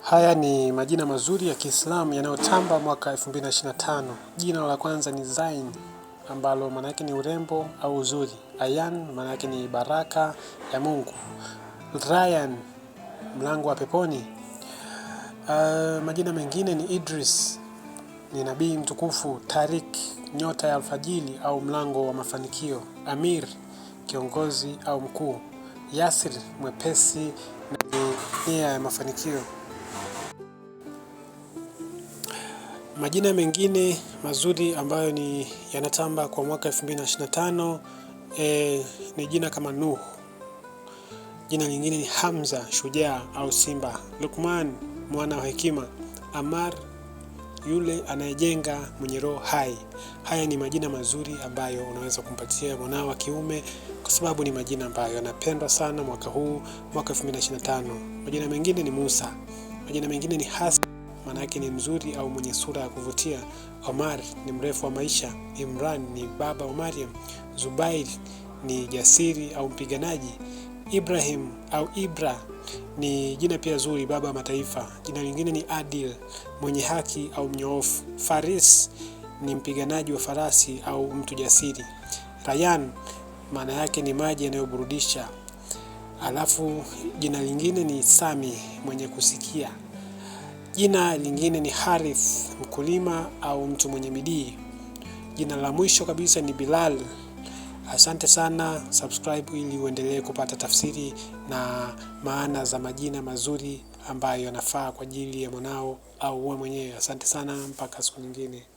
Haya ni majina mazuri ya Kiislamu yanayotamba mwaka 2025. Jina la kwanza ni Zain ambalo maana yake ni urembo au uzuri. Ayan maana yake ni baraka ya Mungu. Ryan mlango wa peponi. Uh, majina mengine ni Idris ni nabii mtukufu. Tarik nyota ya alfajili au mlango wa mafanikio. Amir kiongozi au mkuu. Yasir mwepesi na nia ya mafanikio. Majina mengine mazuri ambayo ni yanatamba kwa mwaka 2025 eh, ni jina kama Nuh. Jina lingine ni Hamza, shujaa au simba. Lukman, mwana wa hekima. Amar, yule anayejenga mwenye roho hai. Haya ni majina mazuri ambayo unaweza kumpatia mwanao wa kiume kwa sababu ni majina ambayo yanapendwa sana mwaka huu, mwaka 2025. Majina mengine ni Musa. Majina mengine ni Hasan maana yake ni mzuri au mwenye sura ya kuvutia. Omar ni mrefu wa maisha. Imran ni baba wa Maryam. Zubair ni jasiri au mpiganaji. Ibrahim au Ibra ni jina pia zuri, baba wa mataifa. Jina lingine ni Adil, mwenye haki au mnyoofu. Faris ni mpiganaji wa farasi au mtu jasiri. Rayan maana yake ni maji yanayoburudisha. Alafu jina lingine ni Sami, mwenye kusikia. Jina lingine ni Harith, mkulima au mtu mwenye bidii. Jina la mwisho kabisa ni Bilal. Asante sana, subscribe ili uendelee kupata tafsiri na maana za majina mazuri ambayo yanafaa kwa ajili ya mwanao au wewe mwenyewe. Asante sana, mpaka siku nyingine.